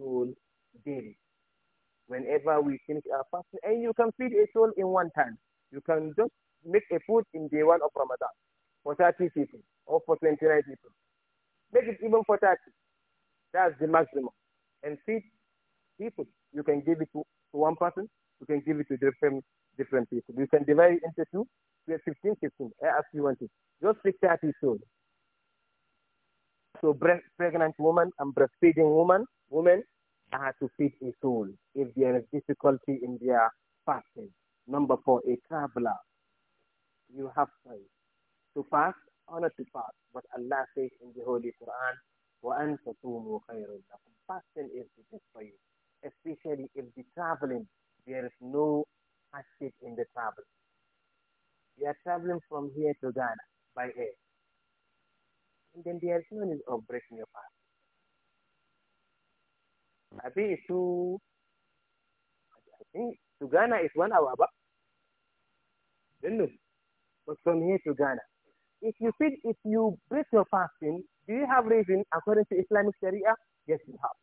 soul daily. Whenever we finish our fasting, and you can feed a soul in one time. You can just make a food in day one of Ramadan for 30 people or for 29 people. Make it even for 30. That's the maximum. And feed people. You can give it to, to one person. You can give it to different different people. You can divide it into two. We have 15, 15. As you want it. Just feed 30 souls. So pregnant woman and breastfeeding woman, women, uh, to feed a soul if there is difficulty in their fasting. Number four, a traveler. You have to fast or not to fast. But Allah says in the Holy Quran, وَأَن تَصُومُوا خَيْرٌ لَكُمْ Fasting is the best for you, especially if the traveling, there is no hardship in the travel. You are traveling from here to Ghana by air. And then there is no need of breaking your fast. I think it's I think to Ghana is one hour, but then But from here to Ghana, if you feed, if you break your fasting, do you have reason according to Islamic Sharia? Yes, you have.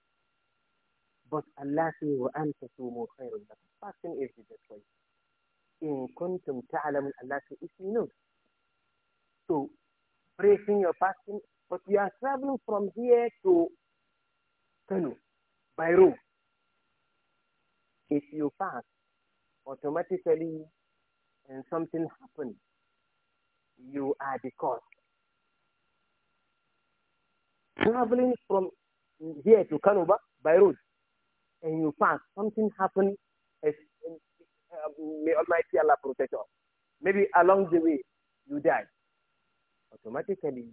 But Allah says, وَأَنْتَسُومُوا خَيْرٌ لَكُمْ Fasting is the best way. In kuntum ta'alamun, Allah says, if you know. So, breaking your fasting, but you are traveling from here to Kano by road, If you fast, automatically and something happens, you are the cause. Traveling from here to Kanuba by road, and you fast, something happens. Um, may Almighty Allah protect you. Maybe along the way, you die. Automatically,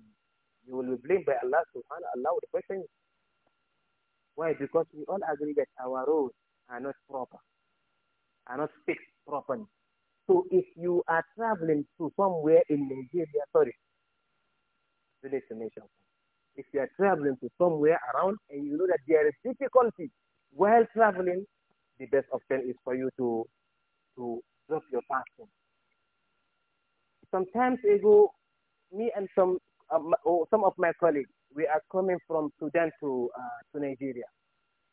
you will be blamed by Allah subhanahu The question why? Because we all agree that our roads are not proper, are not fixed properly. So if you are traveling to somewhere in Nigeria, sorry, the destination, if you are traveling to somewhere around and you know that there is difficulty while traveling, the best option is for you to to drop your passport. Sometimes ago, me and some um, some of my colleagues, we are coming from Sudan to uh, to Nigeria.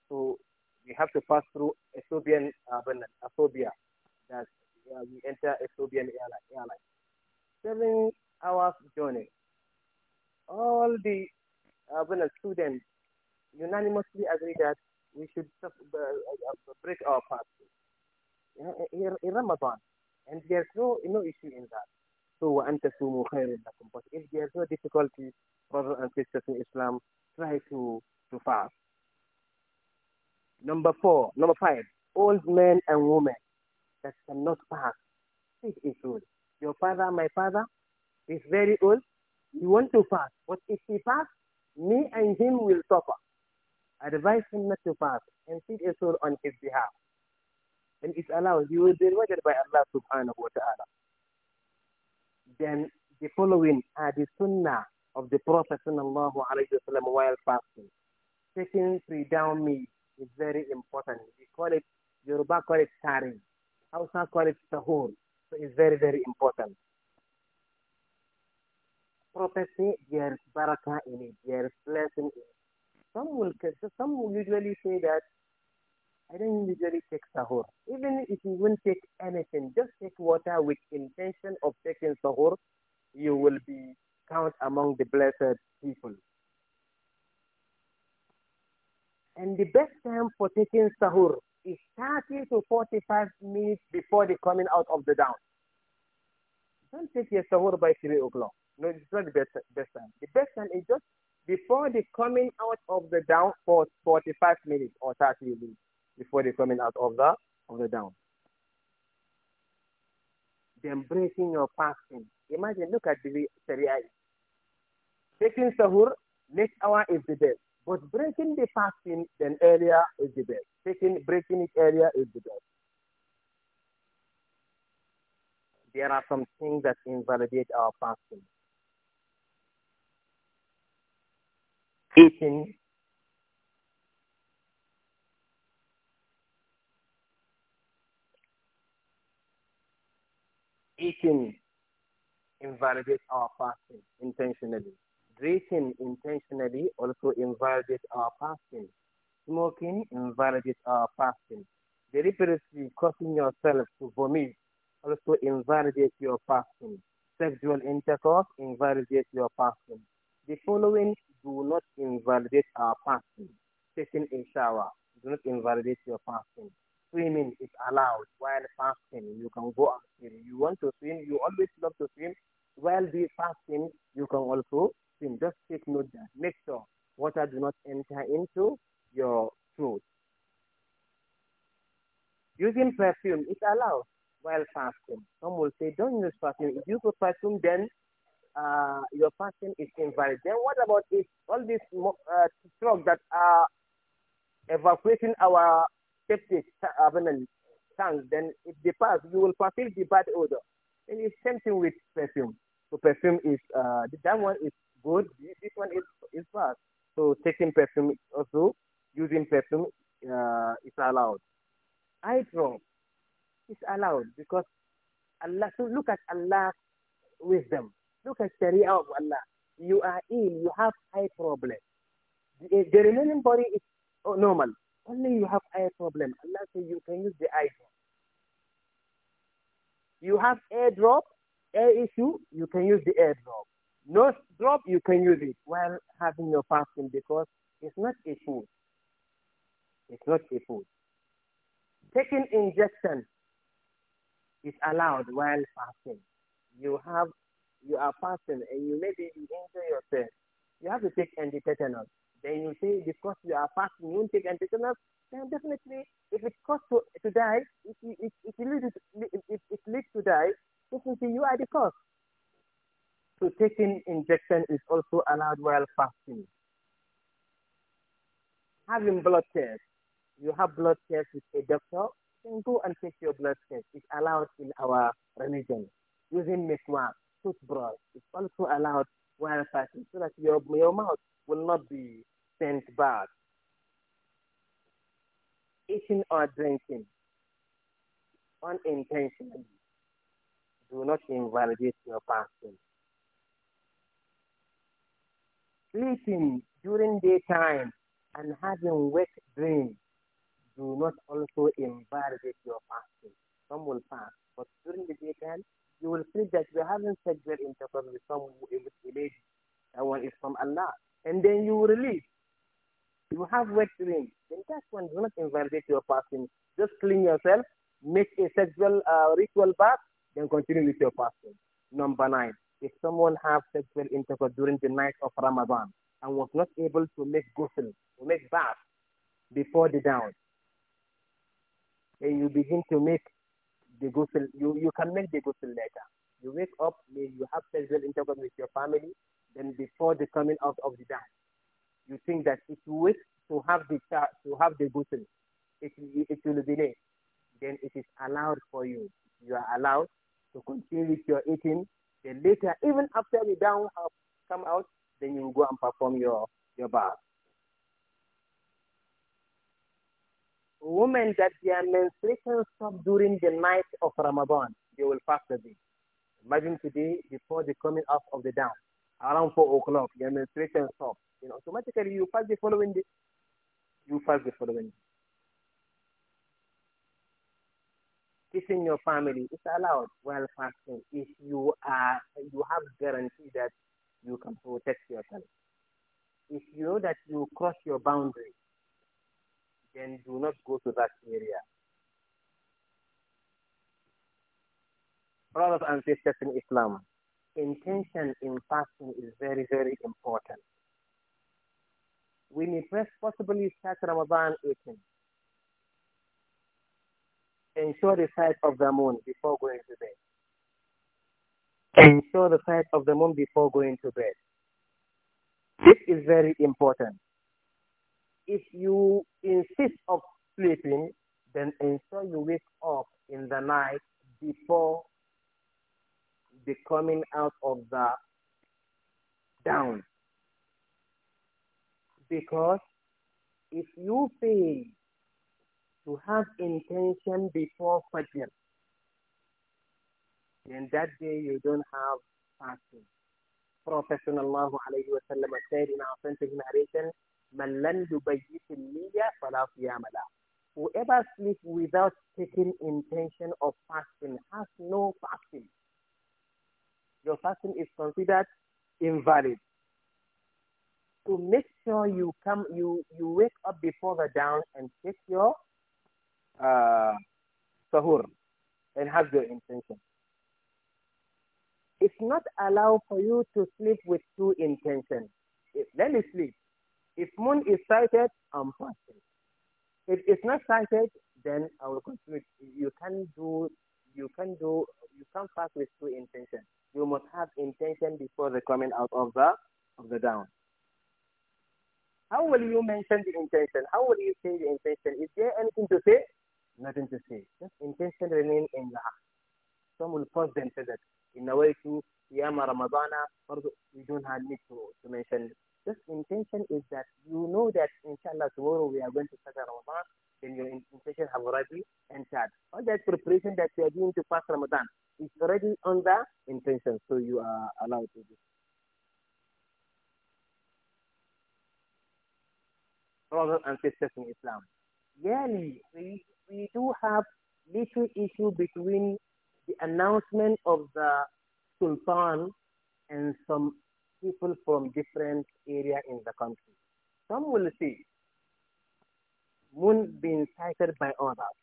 So we have to pass through Ethiopian uh, Ethiopia. That we enter Ethiopian airline. Seven hours journey. All the uh, students unanimously agree that we should uh, break our fast in Ramadan, and there's no no issue in that so وأن خير لكم but if there is no difficulties brothers and sisters in Islam try to to fast number four number five old men and women that cannot fast it is old your father my father is very old you want to pass, but if he pass, me and him will suffer advise him not to pass and sit a soul on his behalf and it's allowed you will be rewarded by Allah subhanahu wa ta'ala then the following are the sunnah of the Prophet sallallahu alayhi wasallam while fasting. Taking three down meat is very important. We call it, Yoruba call it tarin. Hausa call it Tahur. So it's very, very important. Prophet say there is barakah in it, there is blessing in it. Some will, some will usually say that I don't usually take sahur. Even if you won't take anything, just take water with intention of taking sahur, you will be count among the blessed people. And the best time for taking sahur is 30 to 45 minutes before the coming out of the dawn. Don't take your sahur by 3 o'clock. No, it's not the best, best time. The best time is just before the coming out of the dawn for 45 minutes or 30 minutes before they coming out of the of the down. Then breaking your fasting. Imagine, look at the area Taking sahur, next hour is the best. But breaking the fasting then earlier is the best. Taking breaking it earlier is the best. There are some things that invalidate our fasting. Eating eating invalidates our fasting intentionally. Drinking intentionally also invalidates our fasting. Smoking invalidates our fasting. Deliberately causing yourself to vomit also invalidates your fasting. Sexual intercourse invalidates your fasting. The following do not invalidate our fasting. Taking a shower do not invalidate your fasting swimming is allowed while fasting. You can go and swim. You want to swim, you always love to swim. While be fasting, you can also swim. Just take note that. Make sure water do not enter into your throat. Using perfume is allowed while fasting. Some will say, don't use perfume. If you use perfume, then uh, your fasting is invalid. Then what about if all these uh, drugs that are evacuating our accepted uh, abandoned tongue, then if they pass, you will fulfill the bad odor. And it's same thing with perfume. So perfume is uh, that one is good. This one is is bad. So taking perfume also using perfume uh, is allowed. Eye drop is allowed because Allah. So look at Allah's wisdom. Look at Sharia of Allah. You are ill. You have eye problem. The, the remaining body is oh, normal. Only you have eye problem. Allah say you can use the eye drop. You have air drop, air issue, you can use the air drop. drop, you can use it while having your fasting because it's not a food. It's not a food. Taking injection is allowed while fasting. You have, you are fasting and you maybe you injure yourself. You have to take anti-tetanus then you say because you are fasting, you take anticonceptive. Then definitely, if it costs to, to die, if it, it, it, leads, it, it, it leads to die, definitely you are the cause. So taking injection is also allowed while fasting. Having blood tests, you have blood tests with a doctor, then go and take your blood test. It's allowed in our religion. Using miswak, toothbrush, it's also allowed while fasting so that your, your mouth will not be sent back, eating or drinking unintentionally, do not invalidate your fasting. Sleeping during daytime and having wet dreams do not also invalidate your fasting. Some will fast, but during the daytime, you will see that you haven't sexual intercourse with some with a lady. That one is from Allah. And then you will release. You have wet dreams. Then that one does not invalidate your fasting. Just clean yourself, make a sexual uh, ritual bath, then continue with your fasting. Number nine, if someone has sexual intercourse during the night of Ramadan and was not able to make ghusl, to make bath before the dawn, then you begin to make the ghusl. You, you can make the ghusl later. You wake up, you have sexual intercourse with your family, then before the coming out of the dawn you think that if you wait to have the to have the button, it, it will delay. Then it is allowed for you. You are allowed to continue with your eating. Then later, even after the down have come out, then you will go and perform your your bath. Women that their menstruation stop during the night of Ramadan, they will fast a day. Imagine today before the coming up of the down around 4 o'clock, the administration stops, you know, automatically you pass the following day. You pass the following day. kissing your family is allowed while fasting if you are you have guarantee that you can protect yourself. If you know that you cross your boundary, then do not go to that area. Brothers and sisters in Islam, intention in fasting is very, very important. We may possibly start Ramadan eating. Ensure the sight of the moon before going to bed. Ensure the sight of the moon before going to bed. This is very important. If you insist of sleeping, then ensure you wake up in the night before the coming out of the down. Because if you fail to have intention before Fajr, then that day you don't have fasting. Prophet sallallahu alayhi wa sallam said in our authentic narration, مَنْ لَنْ يُبَيِّتِ النِّيَّةَ فَلَا لَهُ Whoever sleeps without taking intention of fasting has no fasting your fasting is considered invalid. To so make sure you come, you, you wake up before the dawn and take your uh, sahur and have your intention. It's not allowed for you to sleep with two intentions. If, let me sleep. If moon is sighted, I'm fasting. If it's not sighted, then I will continue. You can do, you can do, you can fast with two intentions you must have intention before the coming out of the of the down. How will you mention the intention? How will you say the intention? Is there anything to say? Nothing to say. Just intention remain in the heart. Some will pause them say that. In a way to Yama Ramadana, or we don't have need to, to mention. Just intention is that you know that inshallah tomorrow we are going to start Ramadan, then your intention have already entered. All that preparation that you are doing to pass Ramadan, it's already under intention, so you are allowed to do. Brother, and sisters in Islam, yearly we, we do have little issue between the announcement of the Sultan and some people from different area in the country. Some will see Moon being cited by others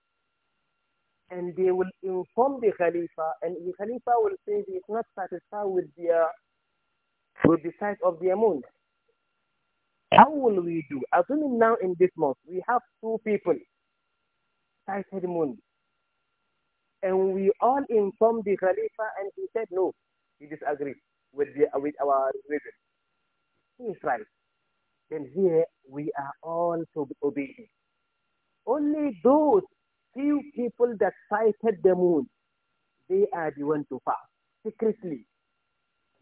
and they will inform the Khalifa, and the Khalifa will say he is not satisfied with the with the size of the moon. How will we do? Assuming now in this month we have two people sighted moon, and we all inform the Khalifa, and he said no, he disagrees with the, with our reason. He is right. Then here we are all to be obedient. Only those few people that sighted the moon, they are the ones to fast secretly.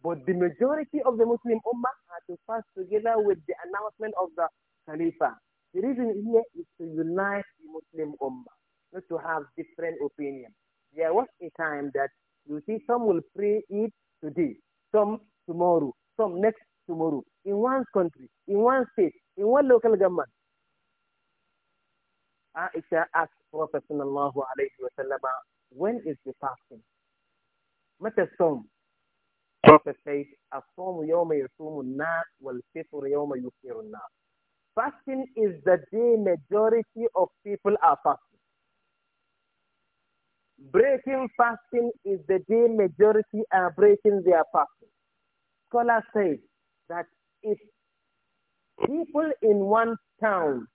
But the majority of the Muslim Ummah had to fast together with the announcement of the Khalifa. The reason here is to unite the Muslim Ummah, not to have different opinions. There was a time that you see some will pray it today, some tomorrow, some next tomorrow, in one country, in one state, in one local government. Aisha asked Prophet sallallahu alayhi wa sallam, when is the fasting? متى الصوم? Prophet says, الصوم يوم يصوم الناس والفطر يوم يفطر الناس. Fasting is the day majority of people are fasting. Breaking fasting is the day majority are breaking their fasting. Scholar says that if people in one town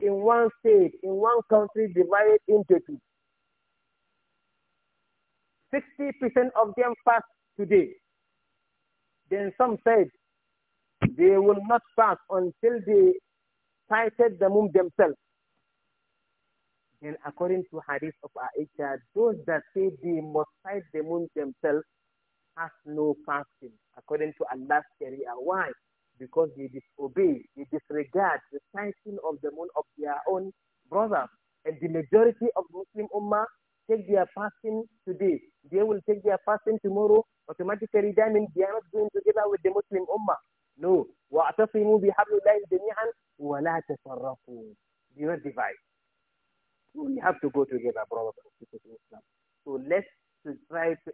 in one state, in one country divided into two. 60% of them fast today. Then some said they will not fast until they sighted the moon themselves. And according to hadith of Aisha, those that say they must sight the moon themselves have no fasting, according to Allah's Sharia. Why? because they disobey, they disregard the sanction of the moon of their own brothers. And the majority of Muslim Ummah take their fasting today. They will take their fasting tomorrow. Automatically, that means they are not going together with the Muslim Ummah. No. وَاعْتَصِمُوا بِحَبْلِ اللَّهِ جَمِيعًا وَلَا تَفَرَّقُوا Do not divided. So we have to go together, brothers and sisters in Islam. So let's try to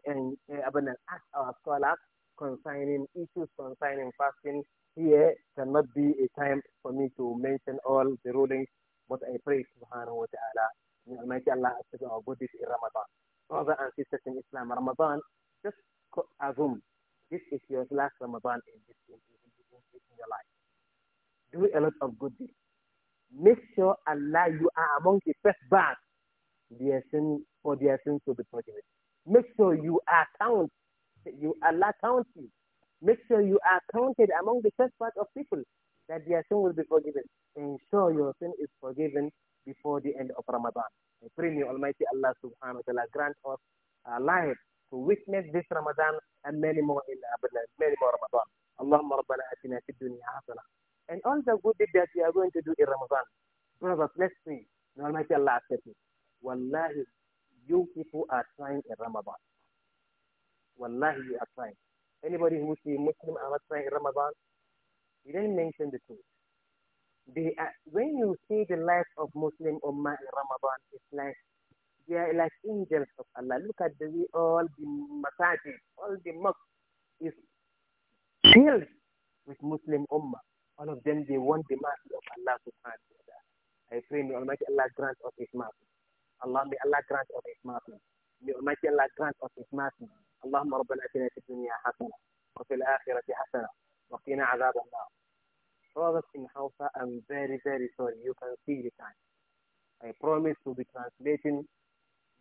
uh, ask our scholars concerning issues concerning fasting here cannot be a time for me to mention all the rulings, but I pray subhanahu wa ta'ala, may Almighty Allah accept our bodies in Ramadan. Brothers and sisters in Islam, Ramadan, just assume this is your last Ramadan in, this, in, in, in your life. Do a lot of good deeds. Make sure Allah, you are among the first batch The sin for their sins to be forgiven. Make sure you are count, you Allah counts you Make sure you are counted among the part of people that their sin will be forgiven. Ensure your sin is forgiven before the end of Ramadan. I pray may Almighty Allah subhanahu wa ta'ala grant us a life to witness this Ramadan and many more in abundance, uh, uh, many more Ramadan. Allahumma rabbana atina fid dunya hasana. And all the good deeds that we are going to do in Ramadan, brothers, let's pray. May Almighty Allah accept it. Wallahi, you people are trying in Ramadan. Wallahi, you are trying anybody who is a Muslim outside Ramadan, he did not mention the truth. They uh, when you see the life of Muslim Ummah in Ramadan, it's like they are like angels of Allah. Look at the way all the masajid, all the mosques is filled with Muslim Ummah. All of them, they want the mercy of Allah to wa ta'ala. I pray may Almighty Allah grant us His mercy. Allah may Allah grant us His mercy. May Almighty Allah grant us His mercy. اللهم ربنا اتنا في الدنيا حسنه وفي الاخره حسنه وقنا عذاب النار brothers in Hausa, I'm very, very sorry. You can see the time. I promise to be translating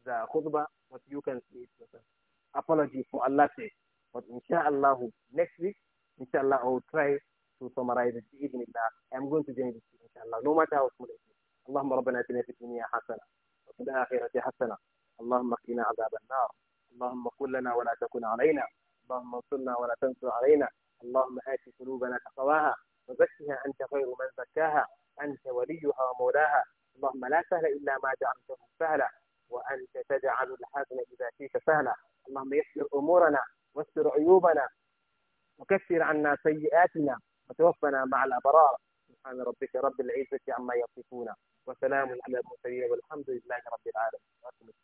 the khutbah, but you can see it yourself. Apology for Allah's sake. But inshallah, next week, inshallah, I will try to summarize it. Even if I'm going to join this inshallah. No matter how small it is. Allahumma rabbana اللهم fi اتنا hasana. Wa حسنة akhirati hasana. Allahumma اللهم قنا al-nar. اللهم قل لنا ولا تكن علينا اللهم انصرنا ولا تنصر علينا اللهم آت قلوبنا تقواها وزكها أنت خير من زكاها أنت وليها ومولاها اللهم لا سهل إلا ما جعلته سهلا وأنت تجعل الحزن إذا شئت سهلا اللهم يسر أمورنا واستر عيوبنا وكفر عنا سيئاتنا وتوفنا مع الأبرار سبحان ربك رب العزة عما يصفون وسلام على المرسلين والحمد لله رب العالمين